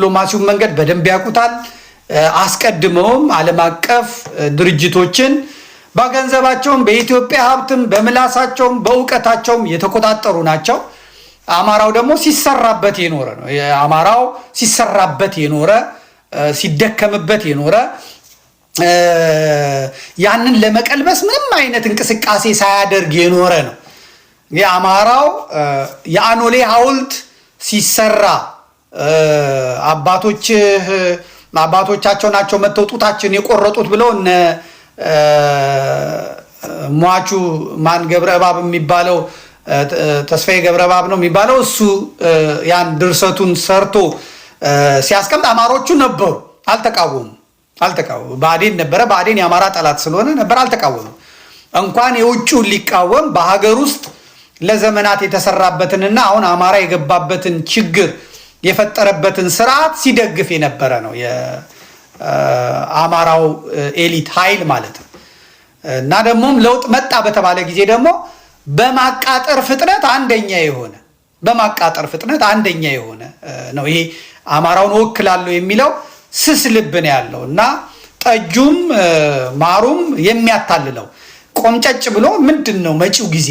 ዲፕሎማሲውን መንገድ በደንብ ያውቁታል። አስቀድመውም ዓለም አቀፍ ድርጅቶችን በገንዘባቸውም በኢትዮጵያ ሀብትም በምላሳቸውም በእውቀታቸውም የተቆጣጠሩ ናቸው። አማራው ደግሞ ሲሰራበት የኖረ ነው። አማራው ሲሰራበት የኖረ ሲደከምበት የኖረ ያንን ለመቀልበስ ምንም አይነት እንቅስቃሴ ሳያደርግ የኖረ ነው። አማራው የአኖሌ ሐውልት ሲሰራ አባቶች አባቶቻቸው ናቸው መተው ጡታችን የቆረጡት ብለው እነ ሟቹ ማን ገብረባብ የሚባለው ተስፋዬ ገብረ ነው የሚባለው እሱ ያን ድርሰቱን ሰርቶ ሲያስቀምጥ አማሮቹ ነበሩ። አልተቃወሙ አልተቃወሙ። ብአዴን ነበረ። ብአዴን የአማራ ጠላት ስለሆነ ነበር። አልተቃወሙ። እንኳን የውጭውን ሊቃወም በሀገር ውስጥ ለዘመናት የተሰራበትንና አሁን አማራ የገባበትን ችግር የፈጠረበትን ስርዓት ሲደግፍ የነበረ ነው የአማራው ኤሊት ኃይል ማለት ነው። እና ደግሞም ለውጥ መጣ በተባለ ጊዜ ደግሞ በማቃጠር ፍጥነት አንደኛ የሆነ በማቃጠር ፍጥነት አንደኛ የሆነ ነው። ይሄ አማራውን ወክላለሁ የሚለው ስስ ልብ ነው ያለው እና ጠጁም ማሩም የሚያታልለው ቆምጨጭ ብሎ ምንድን ነው መጪው ጊዜ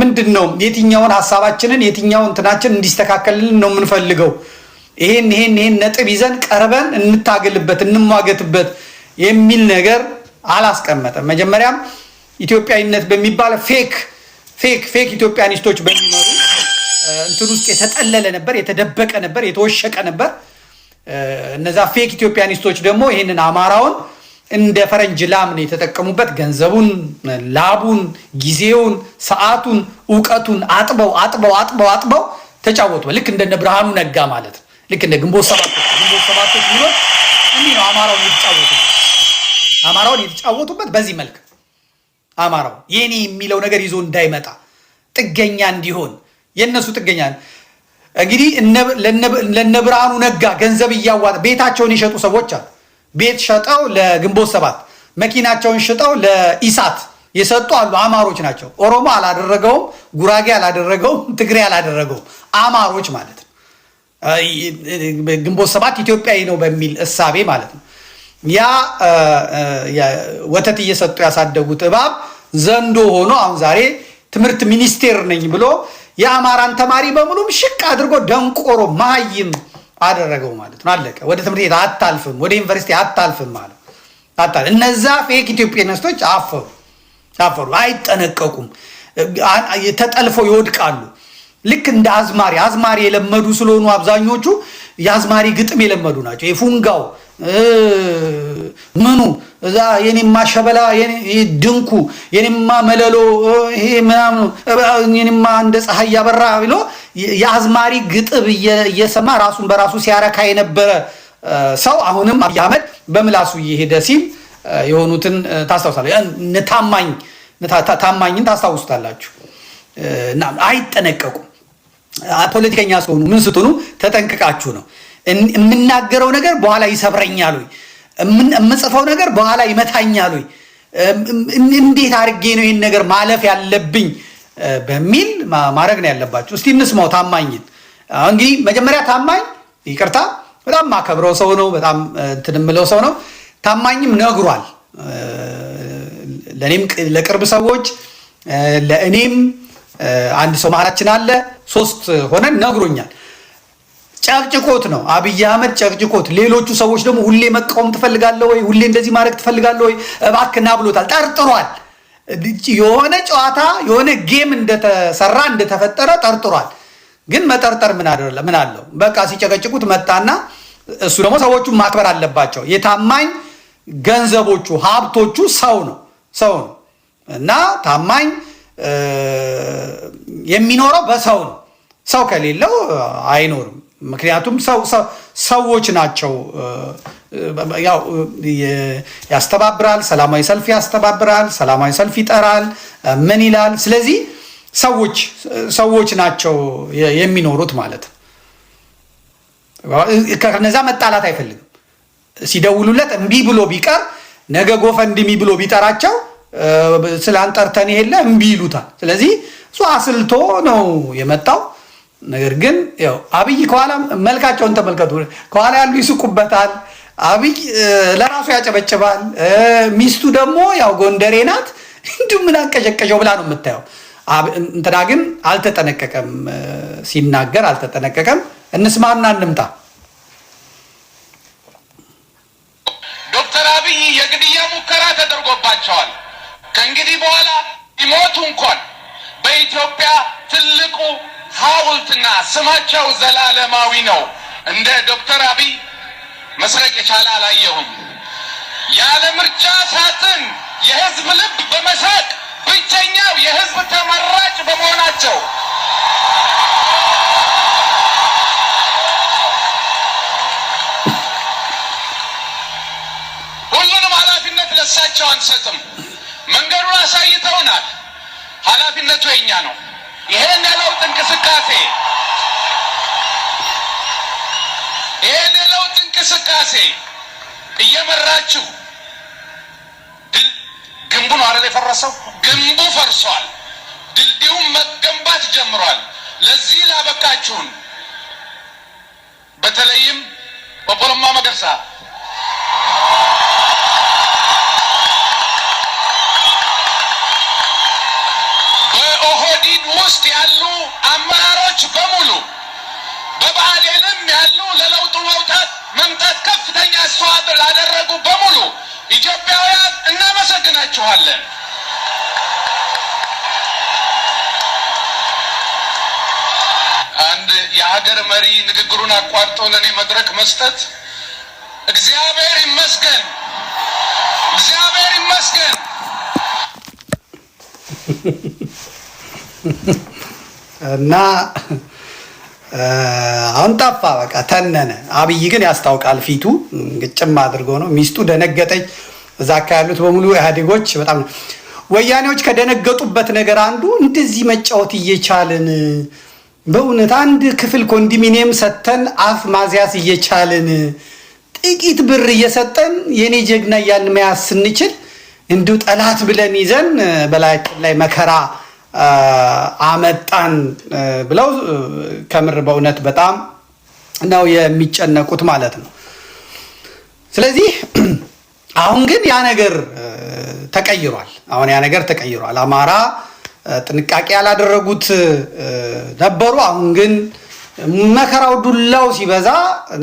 ምንድን ነው የትኛውን ሀሳባችንን የትኛውን እንትናችን እንዲስተካከልልን ነው የምንፈልገው። ይሄን ይሄን ይሄን ነጥብ ይዘን ቀርበን እንታገልበት እንሟገትበት የሚል ነገር አላስቀመጠም። መጀመሪያም ኢትዮጵያዊነት በሚባል ፌክ ፌክ ፌክ ኢትዮጵያኒስቶች በሚመሩ እንትን ውስጥ የተጠለለ ነበር፣ የተደበቀ ነበር፣ የተወሸቀ ነበር። እነዛ ፌክ ኢትዮጵያኒስቶች ደግሞ ይህንን አማራውን እንደ ፈረንጅ ላም ነው የተጠቀሙበት። ገንዘቡን፣ ላቡን፣ ጊዜውን፣ ሰዓቱን፣ እውቀቱን አጥበው አጥበው አጥበው አጥበው ተጫወቱ። ልክ እንደነ ብርሃኑ ነጋ ማለት ነው። ልክ እንደ ግንቦት ሰባቶች ግንቦት ሰባቶች ሚሆን እንዲህ ነው አማራውን የተጫወቱ አማራውን የተጫወቱበት በዚህ መልክ አማራው የኔ የሚለው ነገር ይዞ እንዳይመጣ ጥገኛ እንዲሆን የእነሱ ጥገኛ እንግዲህ ለነ ብርሃኑ ነጋ ገንዘብ እያዋጠ ቤታቸውን የሸጡ ሰዎች አሉ። ቤት ሸጠው ለግንቦት ሰባት መኪናቸውን ሽጠው ለኢሳት የሰጡ አሉ። አማሮች ናቸው። ኦሮሞ አላደረገውም፣ ጉራጌ አላደረገውም፣ ትግሬ አላደረገውም። አማሮች ማለት ነው። ግንቦት ሰባት ኢትዮጵያዊ ነው በሚል እሳቤ ማለት ነው። ያ ወተት እየሰጡ ያሳደጉት እባብ ዘንዶ ሆኖ አሁን ዛሬ ትምህርት ሚኒስቴር ነኝ ብሎ የአማራን ተማሪ በሙሉ ሽቅ አድርጎ ደንቆሮ መሀይም አደረገው ማለት ነው። አለቀ። ወደ ትምህርት ቤት አታልፍም፣ ወደ ዩኒቨርሲቲ አታልፍም ማለት አታ እነዛ ፌክ ኢትዮጵያኒስቶች አፈሩ አፈሩ። አይጠነቀቁም፣ ተጠልፈው ይወድቃሉ። ልክ እንደ አዝማሪ አዝማሪ የለመዱ ስለሆኑ አብዛኞቹ የአዝማሪ ግጥም የለመዱ ናቸው። የፉንጋው ምኑ እዛ የኔማ ሸበላ ድንኩ የኔማ መለሎ ይሄ ምናምን የኔማ እንደ ፀሐይ ያበራ ብሎ የአዝማሪ ግጥብ እየሰማ ራሱን በራሱ ሲያረካ የነበረ ሰው አሁንም አብይ አህመድ በምላሱ እየሄደ ሲል የሆኑትን ታስታውሳላችሁ። ታማኝ ታማኝን ታስታውሱታላችሁ። አይጠነቀቁም። ፖለቲከኛ ስለሆኑ ምን ስትሆኑ ተጠንቅቃችሁ ነው የምናገረው ነገር በኋላ ይሰብረኛል የምጽፈው ነገር በኋላ ይመታኛል ወይ እንዴት አድርጌ ነው ይህን ነገር ማለፍ ያለብኝ በሚል ማድረግ ነው ያለባቸው። እስቲ እንስማው ታማኝን። እንግዲህ መጀመሪያ ታማኝ ይቅርታ፣ በጣም ማከብረው ሰው ነው፣ በጣም እንትን የምለው ሰው ነው። ታማኝም ነግሯል ለእኔም ለቅርብ ሰዎች ለእኔም አንድ ሰው መሀላችን አለ ሶስት ሆነን ነግሮኛል። ጨቅጭቆት ነው አብይ አህመድ ጨቅጭቆት። ሌሎቹ ሰዎች ደግሞ ሁሌ መቃወም ትፈልጋለህ ወይ ሁሌ እንደዚህ ማድረግ ትፈልጋለህ ወይ እባክና ብሎታል፣ ጠርጥሯል። የሆነ ጨዋታ የሆነ ጌም እንደተሰራ እንደተፈጠረ ጠርጥሯል። ግን መጠርጠር ምን ምን አለው? በቃ ሲጨቀጭቁት መጣና እሱ ደግሞ ሰዎቹን ማክበር አለባቸው። የታማኝ ገንዘቦቹ ሀብቶቹ ሰው ነው ሰው ነው እና ታማኝ የሚኖረው በሰው ነው። ሰው ከሌለው አይኖርም። ምክንያቱም ሰዎች ናቸው። ያው ያስተባብራል፣ ሰላማዊ ሰልፍ ያስተባብራል፣ ሰላማዊ ሰልፍ ይጠራል፣ ምን ይላል። ስለዚህ ሰዎች ሰዎች ናቸው የሚኖሩት ማለት ከነዛ መጣላት አይፈልግም። ሲደውሉለት እምቢ ብሎ ቢቀር ነገ ጎፈንድሚ ብሎ ቢጠራቸው አንጠርተን የለ እምቢ ይሉታል። ስለዚህ እሱ አስልቶ ነው የመጣው። ነገር ግን ያው አብይ ከኋላ መልካቸውን ተመልከቱ። ከኋላ ያሉ ይስቁበታል። አብይ ለራሱ ያጨበጭባል። ሚስቱ ደግሞ ያው ጎንደሬ ናት። እንዲሁ ምን አንቀዠቀዠው ብላ ነው የምታየው። እንትና ግን አልተጠነቀቀም፣ ሲናገር አልተጠነቀቀም። እንስማና እንምጣ። ዶክተር አብይ የግድያ ሙከራ ተደርጎባቸዋል። ከእንግዲህ በኋላ ይሞቱ እንኳን በኢትዮጵያ ትልቁ ሀውልትና ስማቸው ዘላለማዊ ነው። እንደ ዶክተር አብይ መስረቅ የቻለ አላየሁም። ያለ ምርጫ ሳጥን የህዝብ ልብ በመሳቅ ብቸኛው የህዝብ ተመራጭ በመሆናቸው ሁሉንም ኃላፊነት ለሳቸው አንሰጥም። መንገዱን አሳይተውናል። ኃላፊነቱ የኛ ነው። ይህን የለውጥ እንቅስቃሴ ይህን የለውጥ እንቅስቃሴ እየመራችሁ ግንቡ ነው አይደል የፈረሰው? ግንቡ ፈርሷል። ድልድዩም መገንባት ጀምሯል። ለዚህ ላበቃችሁን በተለይም በቆለማ መገርሳ በኢድ ውስጥ ያሉ አመራሮች በሙሉ ልም ያሉ ለለውጡ መውጣት መምጣት ከፍተኛ አስተዋጽኦ ላደረጉ በሙሉ ኢትዮጵያውያን እናመሰግናችኋለን። አንድ የሀገር መሪ ንግግሩን አቋርጦ ለእኔ መድረክ መስጠት እግዚአብሔር ይመስገን፣ እግዚአብሔር ይመስገን። እና አሁን ጠፋ፣ በቃ ተነነ። አብይ ግን ያስታውቃል ፊቱ ግጭም አድርጎ ነው። ሚስቱ ደነገጠች። እዛ አካባቢ ያሉት በሙሉ ኢህአዴጎች በጣም ወያኔዎች ከደነገጡበት ነገር አንዱ እንደዚህ መጫወት እየቻልን በእውነት አንድ ክፍል ኮንዶሚኒየም ሰጥተን አፍ ማዚያስ እየቻልን ጥቂት ብር እየሰጠን የኔ ጀግና እያልን መያዝ ስንችል እንዲሁ ጠላት ብለን ይዘን በላያችን ላይ መከራ አመጣን ብለው ከምር በእውነት በጣም ነው የሚጨነቁት ማለት ነው። ስለዚህ አሁን ግን ያ ነገር ተቀይሯል። አሁን ያ ነገር ተቀይሯል። አማራ ጥንቃቄ ያላደረጉት ነበሩ። አሁን ግን መከራው ዱላው ሲበዛ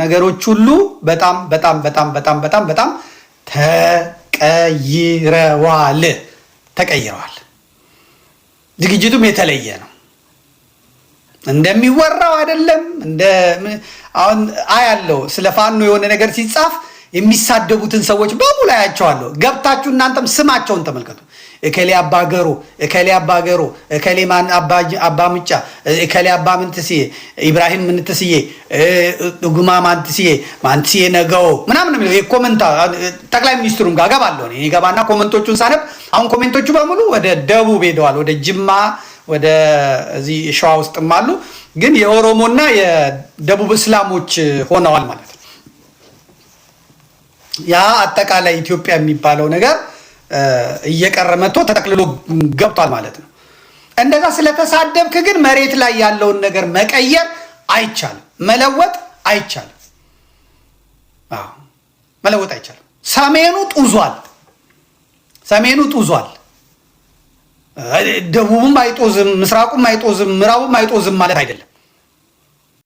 ነገሮች ሁሉ በጣም በጣም በጣም በጣም በጣም በጣም ተቀይረዋል ተቀይረዋል። ዝግጅቱም የተለየ ነው። እንደሚወራው አይደለም። እንደ አሁን አያለው ስለ ፋኖ የሆነ ነገር ሲጻፍ የሚሳደቡትን ሰዎች በሙሉ አያቸዋለሁ። ገብታችሁ እናንተም ስማቸውን ተመልከቱ። እከሌ አባገሩ እከሌ አባገሩ እከሌ ማን አባ ምጫ እከሌ አባ ምንትስዬ ኢብራሂም ምንትስዬ እጉማ ማንትስዬ ማንትስዬ ነገው ምናምን ነው የሚለው ኮመንታ ጠቅላይ ሚኒስትሩም ጋር ገባለሁ እኔ ገባና ኮመንቶቹን ሳነብ አሁን ኮሜንቶቹ በሙሉ ወደ ደቡብ ሄደዋል ወደ ጅማ ወደ እዚህ ሸዋ ውስጥም አሉ ግን የኦሮሞና የደቡብ እስላሞች ሆነዋል ማለት ነው ያ አጠቃላይ ኢትዮጵያ የሚባለው ነገር እየቀረ መጥቶ ተጠቅልሎ ገብቷል ማለት ነው። እንደዛ ስለተሳደብክ ግን መሬት ላይ ያለውን ነገር መቀየር አይቻልም፣ መለወጥ አይቻልም፣ መለወጥ አይቻልም። ሰሜኑ ጡዟል፣ ሰሜኑ ጡዟል፣ ደቡቡም አይጦዝም፣ ምስራቁም አይጦዝም፣ ምዕራቡም አይጦዝም ማለት አይደለም።